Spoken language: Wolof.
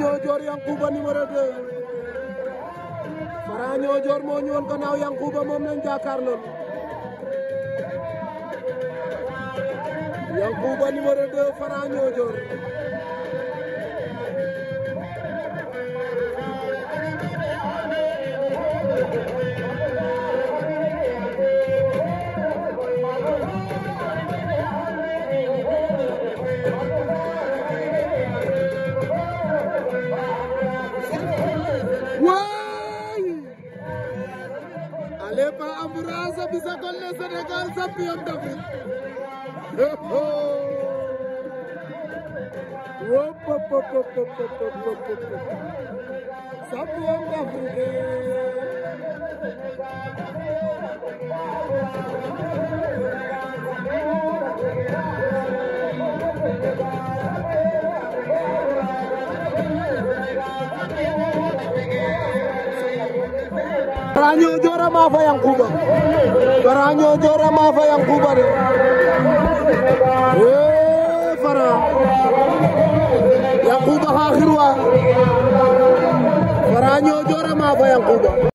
ñoo joor Yankuba numéro 2 Franc ñoo joor moo ñëwoon gannaaw Yankuba moom lañ jàkkaarloon Yankuba Allez pas Bisa le Sénégal, ça pion d'Afrique. Ça pion d'Afrique. Karaño Jora ma fa Yankuba Karaño Jora ma fa Yankuba de ee eh, Fara Yankuba ha xirwa fa Yankuba